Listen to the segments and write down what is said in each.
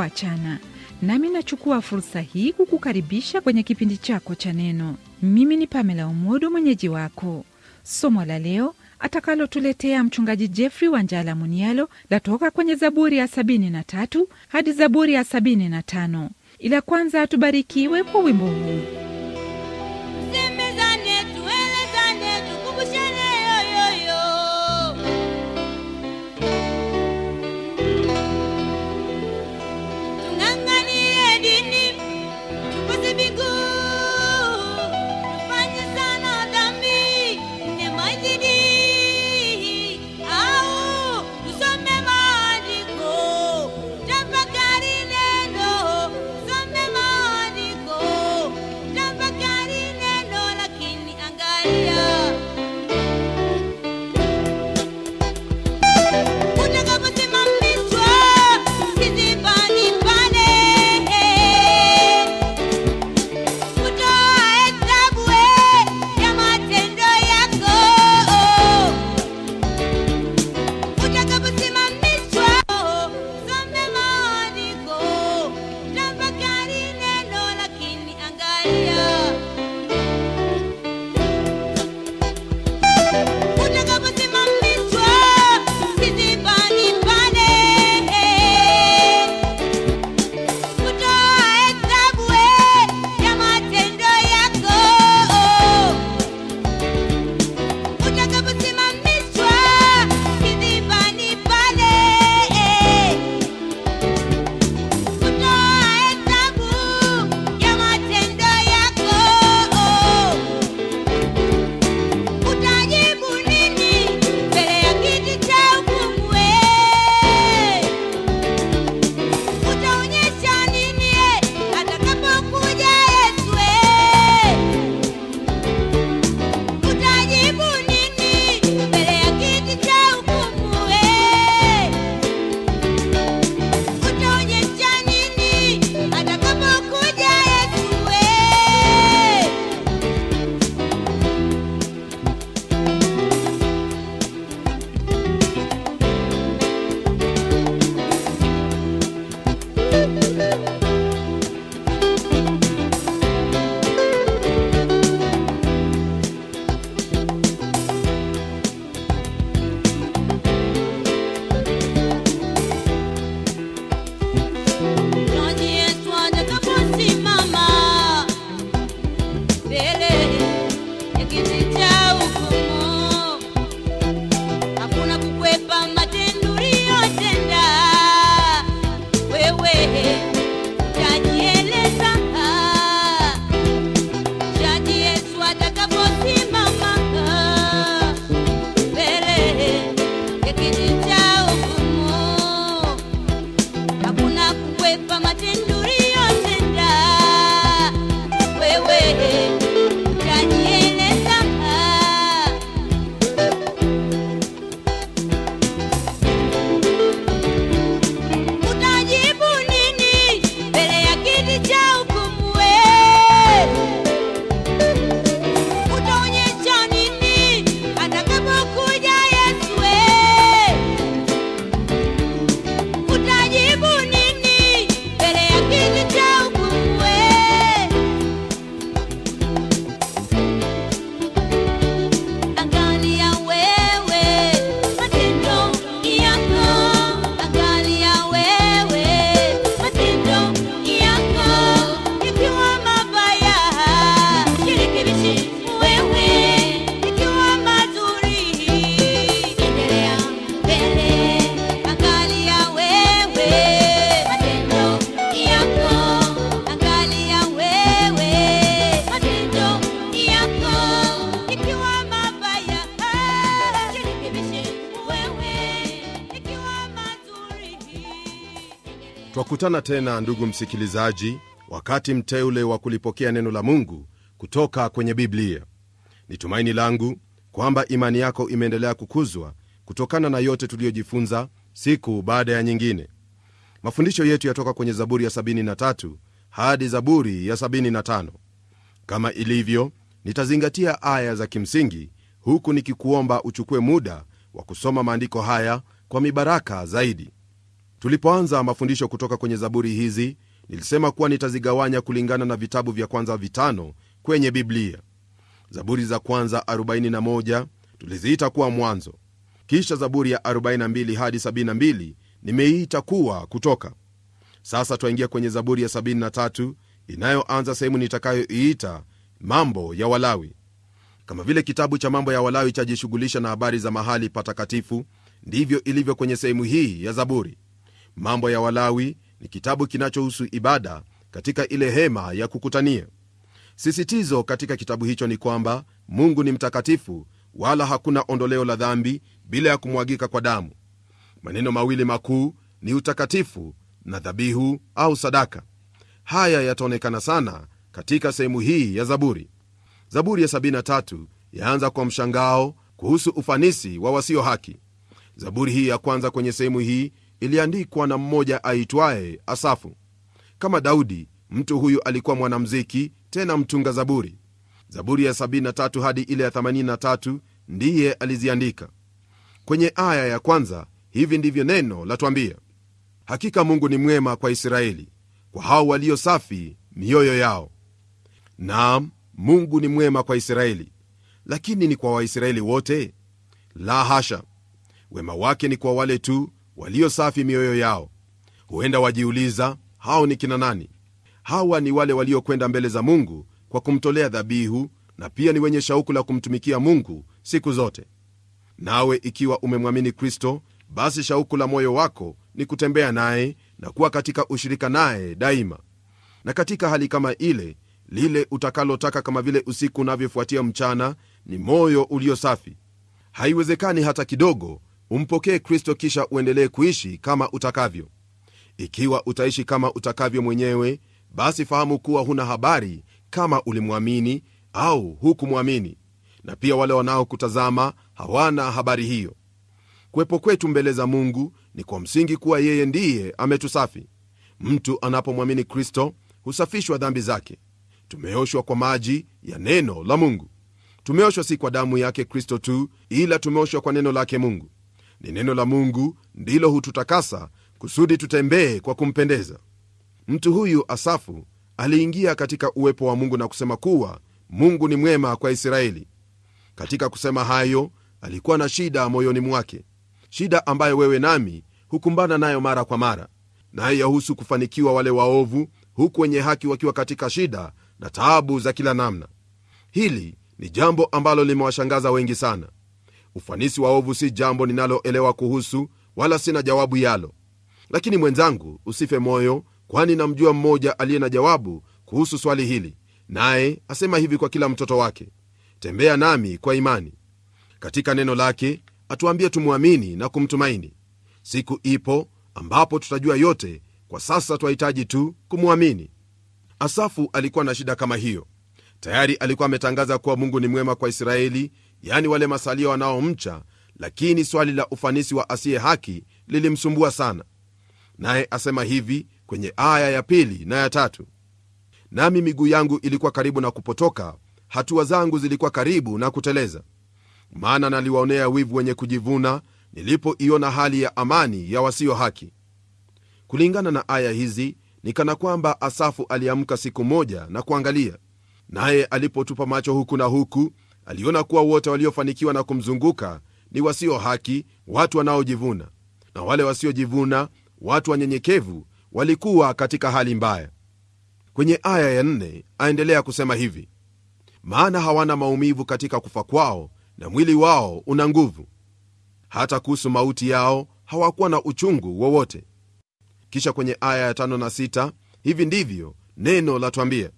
kuachana. Nami nachukua fursa hii kukukaribisha kwenye kipindi chako cha Neno. Mimi ni Pamela Umodo, mwenyeji wako. Somo la leo atakalotuletea Mchungaji Jeffrey Wanjala Munialo latoka kwenye Zaburi ya 73 hadi Zaburi ya 75. Ila kwanza, tubarikiwe kwa wimbo huu. Tunakutana tena ndugu msikilizaji, wakati mteule wa kulipokea neno la Mungu kutoka kwenye Biblia. Ni tumaini langu kwamba imani yako imeendelea kukuzwa kutokana na yote tuliyojifunza siku baada ya nyingine. Mafundisho yetu yatoka kwenye Zaburi ya 73 hadi Zaburi ya 75. Kama ilivyo, nitazingatia aya za kimsingi, huku nikikuomba uchukue muda wa kusoma maandiko haya kwa mibaraka zaidi. Tulipoanza mafundisho kutoka kwenye zaburi hizi, nilisema kuwa nitazigawanya kulingana na vitabu vya kwanza vitano kwenye Biblia. Zaburi za kwanza 41 tuliziita kuwa Mwanzo, kisha zaburi ya 42 hadi 72 nimeiita kuwa Kutoka. Sasa twaingia kwenye zaburi ya 73 inayoanza sehemu nitakayoiita Mambo ya Walawi. Kama vile kitabu cha Mambo ya Walawi chajishughulisha na habari za mahali patakatifu, ndivyo ilivyo kwenye sehemu hii ya Zaburi. Mambo ya Walawi ni kitabu kinachohusu ibada katika ile hema ya kukutania. Sisitizo katika kitabu hicho ni kwamba Mungu ni mtakatifu, wala hakuna ondoleo la dhambi bila ya kumwagika kwa damu. Maneno mawili makuu ni utakatifu na dhabihu au sadaka. Haya yataonekana sana katika sehemu hii ya Zaburi. Zaburi ya 73 yaanza kwa mshangao kuhusu ufanisi wa wasio haki. Zaburi hii ya kwanza kwenye sehemu hii iliandikwa na mmoja aitwaye Asafu. Kama Daudi, mtu huyu alikuwa mwanamziki tena mtunga zaburi. Zaburi ya 73 hadi ile ya 83 ndiye aliziandika. Kwenye aya ya kwanza hivi ndivyo neno latwambia: hakika Mungu ni mwema kwa Israeli, kwa hao walio safi mioyo yao. Naam, Mungu ni mwema kwa Israeli, lakini ni kwa Waisraeli wote? La hasha! Wema wake ni kwa wale tu walio safi mioyo yao. Huenda wajiuliza hao ni kina nani? Hawa ni wale waliokwenda mbele za Mungu kwa kumtolea dhabihu, na pia ni wenye shauku la kumtumikia Mungu siku zote. Nawe ikiwa umemwamini Kristo, basi shauku la moyo wako ni kutembea naye na kuwa katika ushirika naye daima. Na katika hali kama ile, lile utakalotaka kama vile usiku unavyofuatia mchana ni moyo ulio safi. Haiwezekani hata kidogo umpokee kristo kisha uendelee kuishi kama utakavyo ikiwa utaishi kama utakavyo mwenyewe basi fahamu kuwa huna habari kama ulimwamini au hukumwamini na pia wale wanaokutazama hawana habari hiyo kuwepo kwetu mbele za mungu ni kwa msingi kuwa yeye ndiye ametusafi mtu anapomwamini kristo husafishwa dhambi zake tumeoshwa kwa maji ya neno la mungu tumeoshwa si kwa damu yake kristo tu ila tumeoshwa kwa neno lake mungu ni neno la Mungu ndilo hututakasa kusudi tutembee kwa kumpendeza. Mtu huyu Asafu aliingia katika uwepo wa Mungu na kusema kuwa Mungu ni mwema kwa Israeli. Katika kusema hayo, alikuwa na shida moyoni mwake, shida ambayo wewe nami hukumbana nayo mara kwa mara, naye yahusu kufanikiwa wale waovu, huku wenye haki wakiwa katika shida na taabu za kila namna. Hili ni jambo ambalo limewashangaza wengi sana. Ufanisi wa ovu si jambo ninaloelewa kuhusu, wala sina jawabu yalo. Lakini mwenzangu, usife moyo, kwani namjua mmoja aliye na jawabu kuhusu swali hili, naye asema hivi kwa kila mtoto wake: tembea nami kwa imani katika neno lake. Atuambie tumwamini na kumtumaini. Siku ipo ambapo tutajua yote. Kwa sasa twahitaji tu kumwamini. Asafu alikuwa na shida kama hiyo. Tayari alikuwa ametangaza kuwa Mungu ni mwema kwa Israeli yani wale masalia wanaomcha, lakini swali la ufanisi wa asiye haki lilimsumbua sana. Naye asema hivi kwenye aya ya pili na ya tatu: nami miguu yangu ilikuwa karibu na kupotoka, hatua zangu zilikuwa karibu na kuteleza, maana naliwaonea wivu wenye kujivuna, nilipoiona hali ya amani ya wasio haki. Kulingana na aya hizi ni kana kwamba Asafu aliamka siku moja na kuangalia, naye alipotupa macho huku na huku aliona kuwa wote waliofanikiwa na kumzunguka ni wasio haki, watu wanaojivuna, na wale wasiojivuna, watu wanyenyekevu, walikuwa katika hali mbaya. Kwenye aya ya nne aendelea kusema hivi, maana hawana maumivu katika kufa kwao, na mwili wao una nguvu. Hata kuhusu mauti yao hawakuwa na uchungu wowote. Kisha kwenye aya ya tano na sita hivi ndivyo neno latwambia,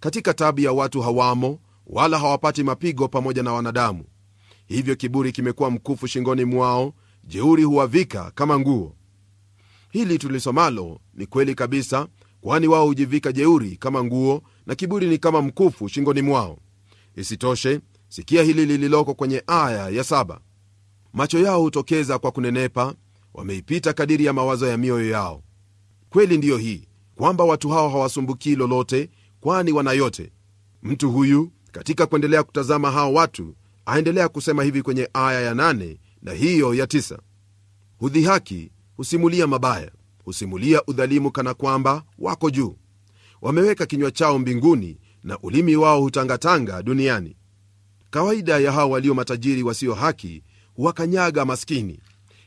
katika tabu ya watu hawamo wala hawapati mapigo pamoja na wanadamu. Hivyo kiburi kimekuwa mkufu shingoni mwao, jeuri huwavika kama nguo. Hili tulisomalo ni kweli kabisa, kwani wao hujivika jeuri kama nguo na kiburi ni kama mkufu shingoni mwao. Isitoshe, sikia hili lililoko kwenye aya ya saba: macho yao hutokeza kwa kunenepa, wameipita kadiri ya mawazo ya mioyo yao. Kweli ndiyo hii kwamba watu hao hawasumbukii lolote, kwani wanayote Mtu huyu katika kuendelea kutazama hao watu aendelea kusema hivi kwenye aya ya nane na hiyo ya tisa hudhihaki husimulia mabaya husimulia udhalimu kana kwamba wako juu wameweka kinywa chao mbinguni na ulimi wao hutangatanga duniani kawaida ya hao walio matajiri wasio haki huwakanyaga maskini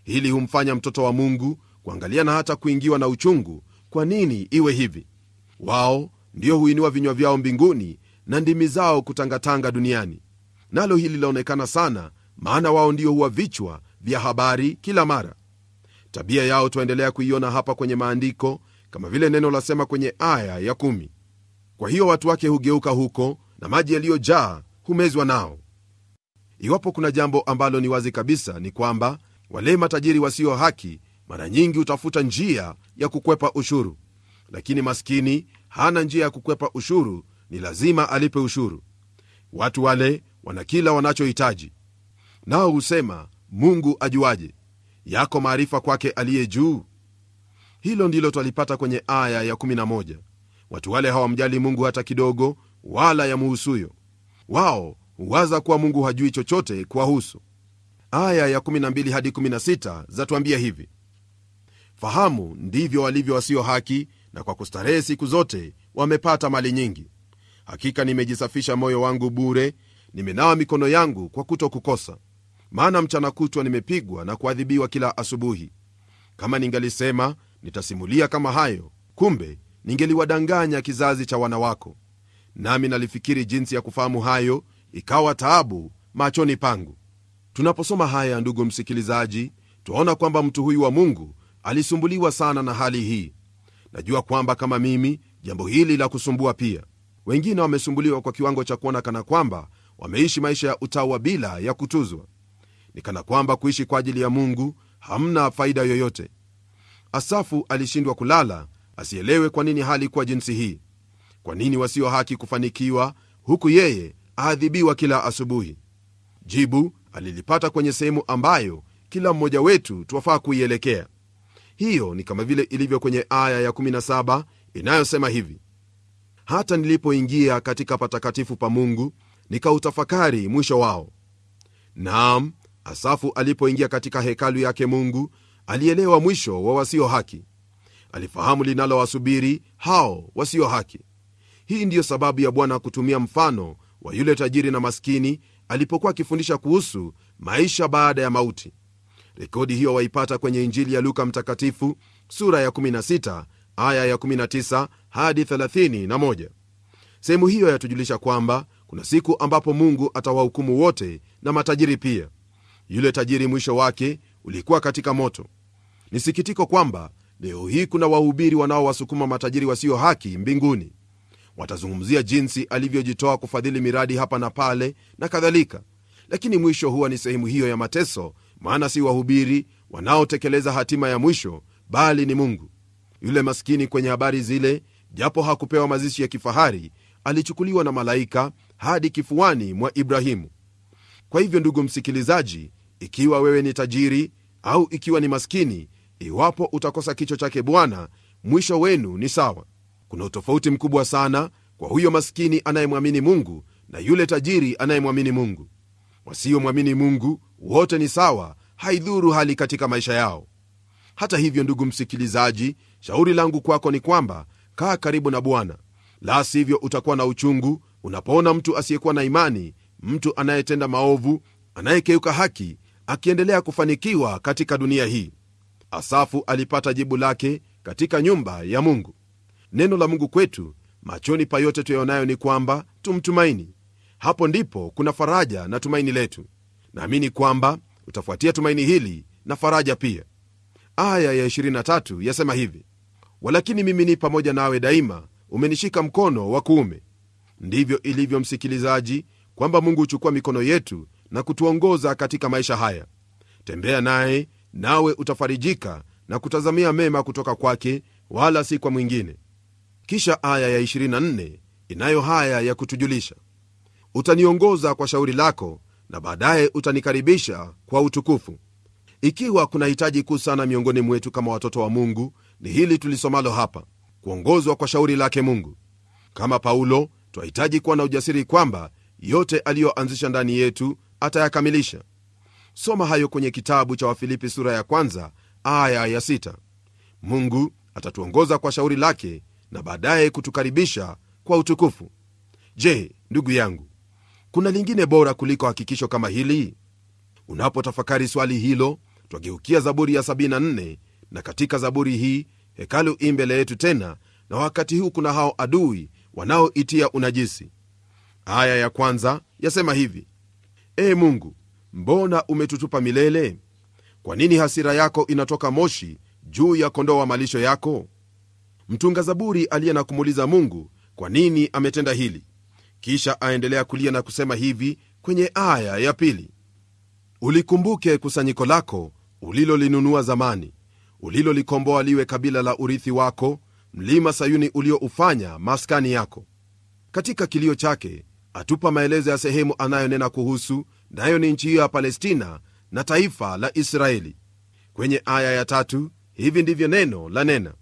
hili humfanya mtoto wa mungu kuangalia na hata kuingiwa na uchungu kwa nini iwe hivi wao ndio huinua vinywa vyao mbinguni na ndimi zao kutangatanga duniani. Nalo hili linaonekana sana, maana wao ndio huwa vichwa vya habari kila mara. Tabia yao twaendelea kuiona hapa kwenye maandiko, kama vile neno lasema kwenye aya ya kumi, kwa hiyo watu wake hugeuka huko na maji yaliyojaa humezwa nao. Iwapo kuna jambo ambalo ni wazi kabisa, ni kwamba wale matajiri wasio haki mara nyingi hutafuta njia ya kukwepa ushuru, lakini maskini hana njia ya kukwepa ushuru, ni lazima alipe ushuru. Watu wale wana kila wanachohitaji, nao husema Mungu ajuaje? Yako maarifa kwake aliye juu. Hilo ndilo twalipata kwenye aya ya 11. Watu wale hawamjali Mungu hata kidogo, wala yamuhusuyo wao huwaza kuwa Mungu hajui chochote kuwahusu. Aya ya 12 hadi 16 zatuambia hivi: fahamu ndivyo walivyo wasio haki, na kwa kustarehe siku zote wamepata mali nyingi. Hakika nimejisafisha moyo wangu bure, nimenawa mikono yangu kwa kuto kukosa. Maana mchana kutwa nimepigwa na kuadhibiwa kila asubuhi. Kama ningalisema nitasimulia kama hayo, kumbe ningeliwadanganya kizazi cha wanawako Nami nalifikiri jinsi ya kufahamu hayo, ikawa taabu machoni pangu. Tunaposoma haya, ndugu msikilizaji, twaona kwamba mtu huyu wa Mungu alisumbuliwa sana na hali hii. Najua kwamba kama mimi, jambo hili la kusumbua pia wengine wamesumbuliwa kwa kiwango cha kuona kana kwamba wameishi maisha ya utawa bila ya kutuzwa, ni kana kwamba kuishi kwa ajili ya Mungu hamna faida yoyote. Asafu alishindwa kulala, asielewe kwa nini hali kuwa jinsi hii, kwa nini wasio haki kufanikiwa huku yeye aadhibiwa kila asubuhi. Jibu alilipata kwenye sehemu ambayo kila mmoja wetu twafaa kuielekea. Hiyo ni kama vile ilivyo kwenye aya ya 17 inayosema hivi: hata nilipoingia katika patakatifu pa Mungu nikautafakari mwisho wao. Naam, Asafu alipoingia katika hekalu yake Mungu alielewa mwisho wa wasio haki, alifahamu linalowasubiri hao wasio haki. Hii ndiyo sababu ya Bwana kutumia mfano wa yule tajiri na maskini alipokuwa akifundisha kuhusu maisha baada ya mauti. Rekodi hiyo waipata kwenye Injili ya Luka Mtakatifu sura ya 16 aya ya 19 hadi 31. Sehemu hiyo yatujulisha kwamba kuna siku ambapo Mungu atawahukumu wote na matajiri pia. Yule tajiri mwisho wake ulikuwa katika moto. Ni sikitiko kwamba leo hii kuna wahubiri wanaowasukuma matajiri wasio haki mbinguni. Watazungumzia jinsi alivyojitoa kufadhili miradi hapa na pale na kadhalika, lakini mwisho huwa ni sehemu hiyo ya mateso, maana si wahubiri wanaotekeleza hatima ya mwisho, bali ni Mungu. Yule maskini kwenye habari zile japo hakupewa mazishi ya kifahari, alichukuliwa na malaika hadi kifuani mwa Ibrahimu. Kwa hivyo, ndugu msikilizaji, ikiwa wewe ni tajiri au ikiwa ni maskini, iwapo utakosa kichwa chake Bwana, mwisho wenu ni sawa. Kuna utofauti mkubwa sana kwa huyo maskini anayemwamini Mungu na yule tajiri anayemwamini Mungu. Wasiomwamini Mungu wote ni sawa, haidhuru hali katika maisha yao. Hata hivyo, ndugu msikilizaji, shauri langu kwako ni kwamba kaa karibu na Bwana, la sivyo utakuwa na uchungu unapoona mtu asiyekuwa na imani, mtu anayetenda maovu, anayekeuka haki, akiendelea kufanikiwa katika dunia hii. Asafu alipata jibu lake katika nyumba ya Mungu. Neno la Mungu kwetu machoni pa yote tuyaonayo ni kwamba tumtumaini. Hapo ndipo kuna faraja na tumaini letu. Naamini kwamba utafuatia tumaini hili na faraja pia. Aya ya 23 yasema hivi: walakini mimi ni pamoja nawe daima, umenishika mkono wa kuume. Ndivyo ilivyo, msikilizaji, kwamba Mungu huchukua mikono yetu na kutuongoza katika maisha haya. Tembea naye, nawe utafarijika na kutazamia mema kutoka kwake, wala si kwa mwingine. Kisha aya ya 24 inayo haya ya kutujulisha: utaniongoza kwa shauri lako na baadaye utanikaribisha kwa utukufu. Ikiwa kuna hitaji kuu sana miongoni mwetu kama watoto wa Mungu ni hili tulisomalo hapa, kuongozwa kwa shauri lake Mungu. Kama Paulo, twahitaji kuwa na ujasiri kwamba yote aliyoanzisha ndani yetu atayakamilisha. Soma hayo kwenye kitabu cha Wafilipi sura ya kwanza aya ya sita. Mungu atatuongoza kwa shauri lake na baadaye kutukaribisha kwa utukufu. Je, ndugu yangu, kuna lingine bora kuliko hakikisho kama hili? Unapotafakari swali hilo, twageukia Zaburi ya 74 na katika Zaburi hii hekalu i mbele yetu tena na wakati huu kuna hao adui wanaoitia unajisi aya ya kwanza yasema hivi ee mungu mbona umetutupa milele kwa nini hasira yako inatoka moshi juu ya kondoo wa malisho yako mtunga zaburi aliye na kumuuliza mungu kwa nini ametenda hili kisha aendelea kulia na kusema hivi kwenye aya ya pili ulikumbuke kusanyiko lako ulilolinunua zamani ulilolikomboa liwe kabila la urithi wako, mlima Sayuni ulioufanya maskani yako. Katika kilio chake atupa maelezo ya sehemu anayonena kuhusu, nayo ni nchi hiyo ya Palestina na taifa la Israeli. Kwenye aya ya tatu hivi ndivyo neno la nena: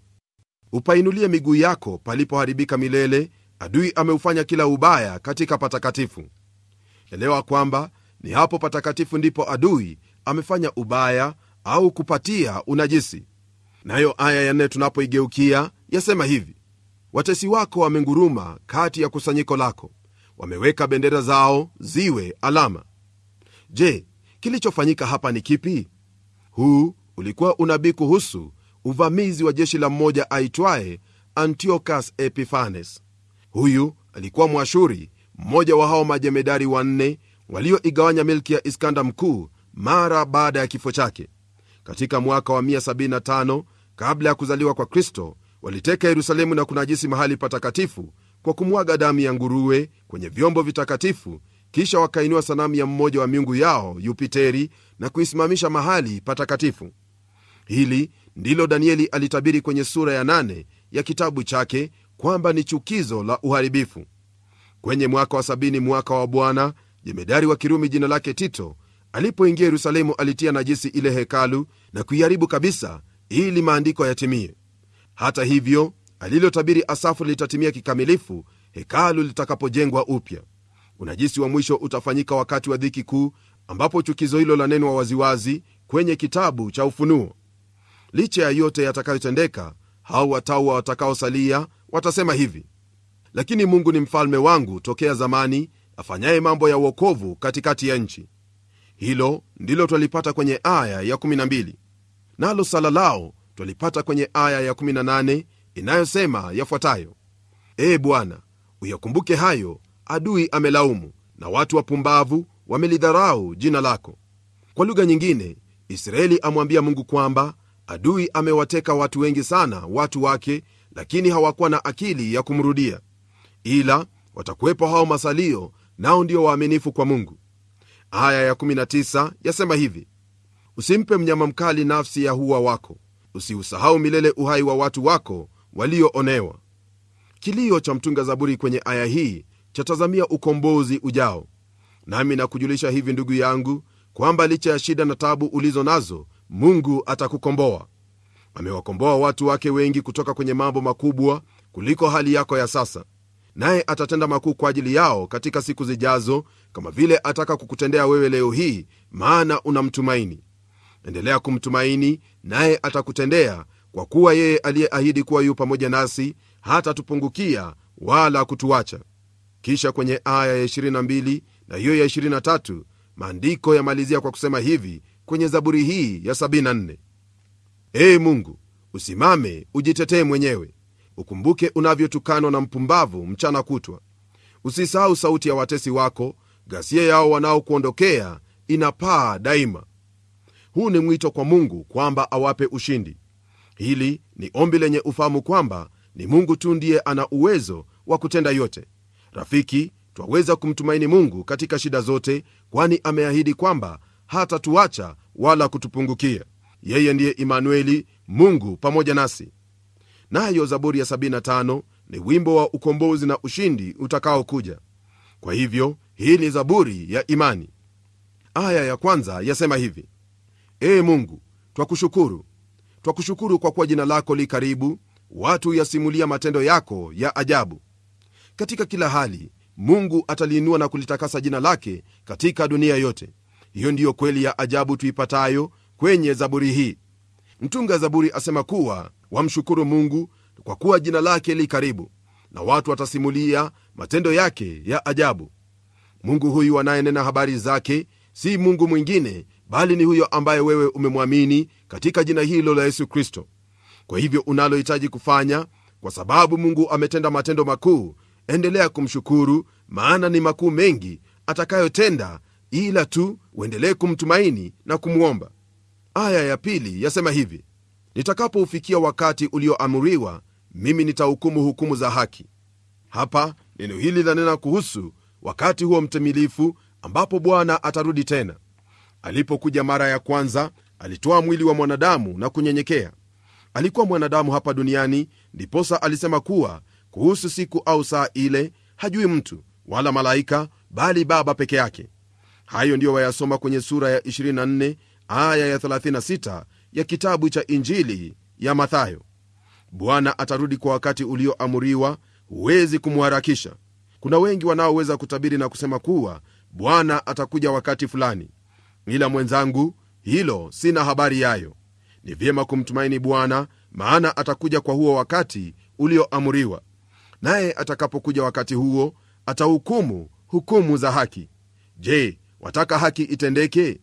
upainulie miguu yako palipoharibika milele, adui ameufanya kila ubaya katika patakatifu. Elewa kwamba ni hapo patakatifu ndipo adui amefanya ubaya au kupatia unajisi. Nayo aya ya nne tunapoigeukia yasema hivi: watesi wako wamenguruma kati ya kusanyiko lako, wameweka bendera zao ziwe alama. Je, kilichofanyika hapa ni kipi? Huu ulikuwa unabii kuhusu uvamizi wa jeshi la mmoja aitwaye Antiochus Epiphanes. Huyu alikuwa Mwashuri, mmoja wa hao majemedari wanne walioigawanya milki ya Iskanda Mkuu mara baada ya kifo chake katika mwaka wa 175 kabla ya kuzaliwa kwa Kristo, waliteka Yerusalemu na kunajisi mahali patakatifu kwa kumwaga damu ya nguruwe kwenye vyombo vitakatifu, kisha wakainua sanamu ya mmoja wa miungu yao Yupiteri na kuisimamisha mahali patakatifu. Hili ndilo Danieli alitabiri kwenye sura ya nane ya kitabu chake kwamba ni chukizo la uharibifu. Kwenye mwaka wa sabini, mwaka wa Bwana, jemedari wa Kirumi jina lake Tito alipoingia Yerusalemu alitia najisi ile hekalu na kuiharibu kabisa, ili maandiko yatimie. Hata hivyo, alilotabiri Asafu litatimia kikamilifu hekalu litakapojengwa upya. Unajisi wa mwisho utafanyika wakati wa dhiki kuu, ambapo chukizo hilo lanenwa waziwazi kwenye kitabu cha Ufunuo. Licha ya yote yatakayotendeka, hao watauwa watakaosalia watasema hivi: lakini Mungu ni mfalme wangu tokea zamani, afanyaye mambo ya uokovu katikati ya nchi. Hilo ndilo twalipata kwenye aya ya 12. Nalo sala lao twalipata kwenye aya ya 18 inayosema yafuatayo: Ee Bwana, uyakumbuke hayo, adui amelaumu na watu wapumbavu wamelidharau jina lako. Kwa lugha nyingine, Israeli amwambia Mungu kwamba adui amewateka watu wengi sana watu wake, lakini hawakuwa na akili ya kumrudia, ila watakuwepo hao masalio, nao ndio waaminifu kwa Mungu. Aya ya 19 yasema hivi: usimpe mnyama mkali nafsi ya hua wako, usiusahau milele uhai wa watu wako walioonewa. Kilio cha mtunga Zaburi kwenye aya hii chatazamia ukombozi ujao. Nami nakujulisha hivi, ndugu yangu, kwamba licha ya shida na tabu ulizo nazo, Mungu atakukomboa. Amewakomboa watu wake wengi kutoka kwenye mambo makubwa kuliko hali yako ya sasa, naye atatenda makuu kwa ajili yao katika siku zijazo, kama vile ataka kukutendea wewe leo hii, maana unamtumaini. Endelea kumtumaini, naye atakutendea, kwa kuwa yeye aliyeahidi kuwa yu pamoja nasi hatatupungukia wala kutuacha. Kisha kwenye aya ya 22 na hiyo ya 23 maandiko yamalizia kwa kusema hivi kwenye Zaburi hii ya 74: Ee Mungu, usimame ujitetee mwenyewe, ukumbuke unavyotukanwa na mpumbavu mchana kutwa. Usisahau sauti ya watesi wako, ghasia yao wanaokuondokea inapaa daima. Huu ni mwito kwa Mungu kwamba awape ushindi. Hili ni ombi lenye ufahamu kwamba ni Mungu tu ndiye ana uwezo wa kutenda yote. Rafiki, twaweza kumtumaini Mungu katika shida zote, kwani ameahidi kwamba hatatuacha wala kutupungukia. Yeye ndiye Imanueli, Mungu pamoja nasi. Nayo Zaburi ya 75 ni wimbo wa ukombozi na ushindi utakaokuja kwa hivyo hii ni zaburi ya imani aya ya kwanza yasema hivi ee mungu twakushukuru twakushukuru kwa kuwa jina lako li karibu watu yasimulia matendo yako ya ajabu katika kila hali mungu ataliinua na kulitakasa jina lake katika dunia yote hiyo ndiyo kweli ya ajabu tuipatayo kwenye zaburi hii mtunga zaburi asema kuwa wamshukuru mungu kwa kuwa jina lake li karibu na watu watasimulia matendo yake ya ajabu. Mungu huyu anayenena habari zake si Mungu mwingine bali ni huyo ambaye wewe umemwamini katika jina hilo la Yesu Kristo. Kwa hivyo unalohitaji kufanya, kwa sababu Mungu ametenda matendo makuu, endelea kumshukuru, maana ni makuu mengi atakayotenda, ila tu uendelee kumtumaini na kumwomba. Aya ya pili yasema hivi: nitakapoufikia wakati ulioamriwa mimi nitahukumu hukumu za haki. Hapa neno hili linanena kuhusu wakati huo mtimilifu ambapo Bwana atarudi tena. Alipokuja mara ya kwanza, alitoa mwili wa mwanadamu na kunyenyekea. Alikuwa mwanadamu hapa duniani, ndiposa alisema kuwa kuhusu siku au saa ile hajui mtu wala malaika, bali Baba peke yake. Hayo ndiyo wayasoma kwenye sura ya 24 aya ya 36 ya kitabu cha Injili ya Mathayo. Bwana atarudi kwa wakati ulioamuriwa, huwezi kumharakisha. Kuna wengi wanaoweza kutabiri na kusema kuwa Bwana atakuja wakati fulani, ila mwenzangu, hilo sina habari yayo. Ni vyema kumtumaini Bwana, maana atakuja kwa huo wakati ulioamuriwa, naye atakapokuja wakati huo atahukumu hukumu za haki. Je, wataka haki itendeke?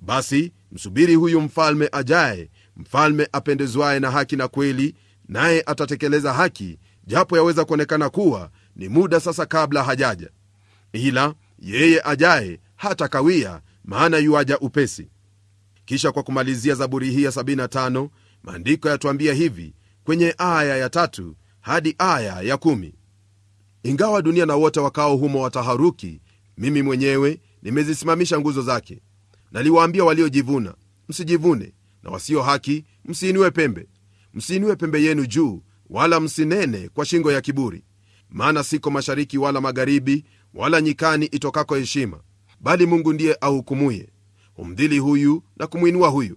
Basi msubiri huyu mfalme ajaye, mfalme apendezwaye na haki na kweli, naye atatekeleza haki, japo yaweza kuonekana kuwa ni muda sasa kabla hajaja. Ila yeye ajaye kawia maana yuaja upesi. Kisha kwa kumalizia Zaburi hii ya 75 maandiko yatuambia hivi kwenye aya ya tatu hadi aya ya kumi: ingawa dunia na wote wakao humo wataharuki, mimi mwenyewe nimezisimamisha nguzo zake. Naliwaambia waliojivuna msijivune, na wasio haki msiiniwe pembe, msiinue pembe yenu juu, wala msinene kwa shingo ya kiburi, maana siko mashariki wala magharibi, wala nyikani itokako heshima, bali Mungu ndiye ahukumuye, humdhili huyu na kumwinua huyu.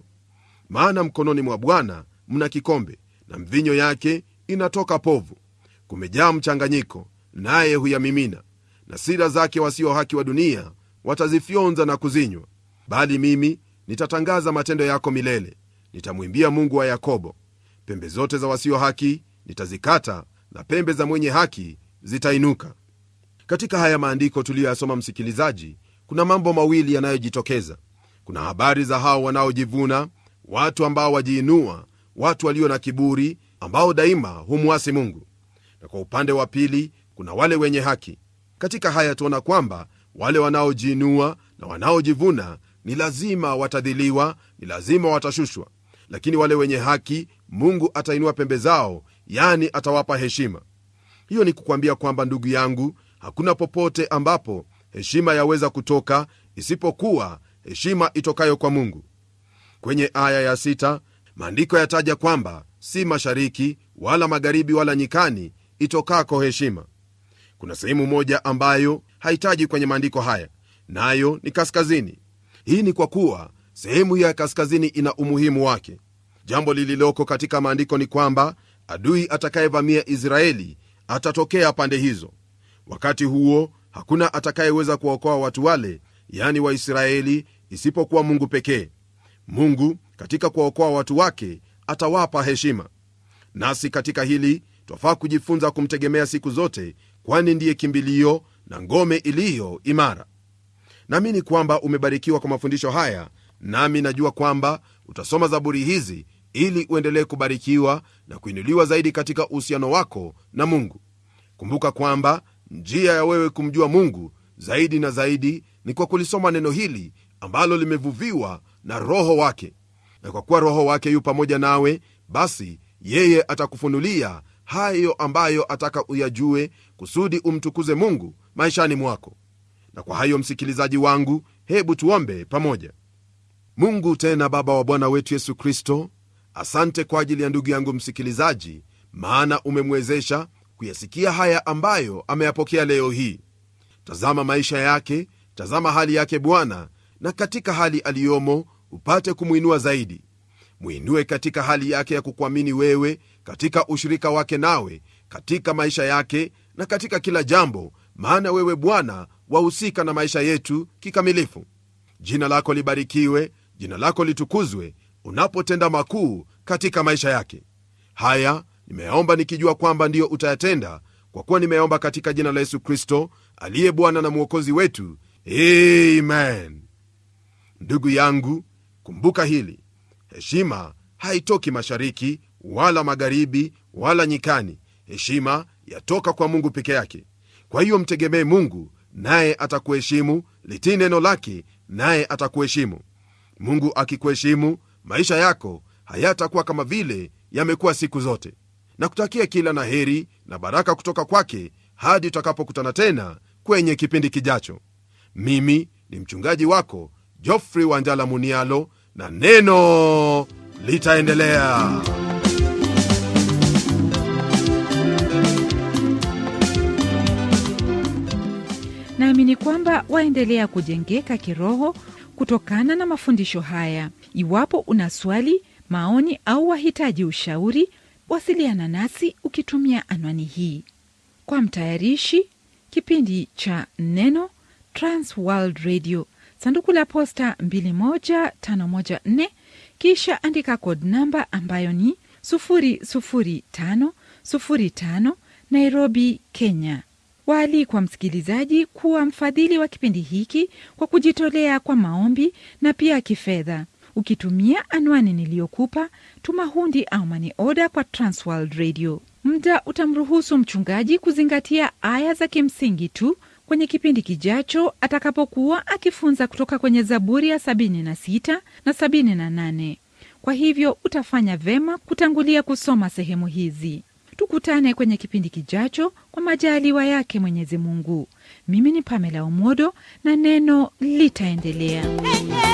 Maana mkononi mwa Bwana mna kikombe, na mvinyo yake inatoka povu, kumejaa mchanganyiko, naye huyamimina. Na sira zake wasio haki wa dunia watazifyonza na kuzinywa. Bali mimi nitatangaza matendo yako milele, nitamwimbia Mungu wa Yakobo. Pembe zote za wasio haki nitazikata, na pembe za mwenye haki zitainuka. Katika haya maandiko tuliyoyasoma, msikilizaji, kuna mambo mawili yanayojitokeza. Kuna habari za hao wanaojivuna, watu ambao wajiinua, watu walio na kiburi, ambao daima humwasi Mungu, na kwa upande wa pili kuna wale wenye haki. Katika haya tuona kwamba wale wanaojiinua na wanaojivuna ni lazima watadhiliwa, ni lazima watashushwa, lakini wale wenye haki mungu atainua pembe zao yani atawapa heshima hiyo ni kukwambia kwamba ndugu yangu hakuna popote ambapo heshima yaweza kutoka isipokuwa heshima itokayo kwa mungu kwenye aya ya sita maandiko yataja kwamba si mashariki wala magharibi wala nyikani itokako heshima kuna sehemu moja ambayo hahitaji kwenye maandiko haya nayo ni kaskazini hii ni kwa kuwa sehemu ya kaskazini ina umuhimu wake Jambo lililoko katika maandiko ni kwamba adui atakayevamia Israeli atatokea pande hizo. Wakati huo hakuna atakayeweza kuwaokoa watu wale, yani Waisraeli, isipokuwa Mungu pekee. Mungu katika kuwaokoa watu wake atawapa heshima. Nasi katika hili twafaa kujifunza kumtegemea siku zote, kwani ndiye kimbilio na ngome iliyo imara. Naamini kwamba umebarikiwa kwa mafundisho haya, nami najua kwamba utasoma Zaburi hizi ili uendelee kubarikiwa na kuinuliwa zaidi katika uhusiano wako na mungu kumbuka kwamba njia ya wewe kumjua mungu zaidi na zaidi ni kwa kulisoma neno hili ambalo limevuviwa na roho wake na kwa kuwa roho wake yu pamoja nawe basi yeye atakufunulia hayo ambayo ataka uyajue kusudi umtukuze mungu maishani mwako na kwa hayo msikilizaji wangu hebu tuombe pamoja mungu tena baba wa bwana wetu yesu kristo Asante kwa ajili ya ndugu yangu msikilizaji, maana umemwezesha kuyasikia haya ambayo ameyapokea leo hii. Tazama maisha yake, tazama hali yake Bwana, na katika hali aliyomo upate kumwinua zaidi. Mwinue katika hali yake ya kukuamini wewe, katika ushirika wake nawe, katika maisha yake na katika kila jambo, maana wewe Bwana wahusika na maisha yetu kikamilifu. Jina lako libarikiwe, jina lako litukuzwe unapotenda makuu katika maisha yake. Haya nimeyaomba nikijua kwamba ndiyo utayatenda, kwa kuwa nimeyaomba katika jina la Yesu Kristo aliye Bwana na Mwokozi wetu, amen. Ndugu yangu, kumbuka hili, heshima haitoki mashariki wala magharibi wala nyikani. Heshima yatoka kwa Mungu peke yake. Kwa hiyo mtegemee Mungu, naye atakuheshimu. Litii neno lake, naye atakuheshimu. Mungu akikuheshimu, maisha yako hayatakuwa kama vile yamekuwa siku zote na kutakia kila na heri na baraka kutoka kwake hadi tutakapokutana tena kwenye kipindi kijacho mimi ni mchungaji wako wa wanjala munialo na neno litaendelea naamini kwamba waendelea kujengeka kiroho kutokana na mafundisho haya. Iwapo una swali, maoni au wahitaji ushauri, wasiliana nasi ukitumia anwani hii. Kwa mtayarishi kipindi cha Neno, transworld Radio, sanduku la posta 21514 kisha andika kod namba ambayo ni 00505 Nairobi, Kenya. Waalikwa msikilizaji kuwa mfadhili wa kipindi hiki kwa kujitolea kwa maombi na pia kifedha, ukitumia anwani niliyokupa. Tuma hundi au mani oda kwa Transworld Radio. mda utamruhusu mchungaji kuzingatia aya za kimsingi tu kwenye kipindi kijacho atakapokuwa akifunza kutoka kwenye Zaburi ya 76 na 78. Kwa hivyo utafanya vema kutangulia kusoma sehemu hizi. Tukutane kwenye kipindi kijacho kwa majaliwa yake Mwenyezi Mungu. Mimi ni Pamela Omodo na neno litaendelea.